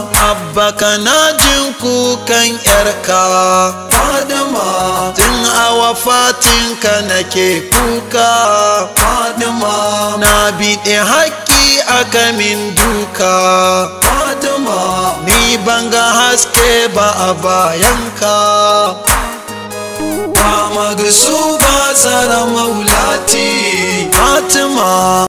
Abba kana jin kukan yarka Fadima Tun a wafatinka nake kuka Fadima Na biɗe haƙƙi a min duka Fadima Ni banga haske ba a bayanka Ba magsu ba zara maulati Fatima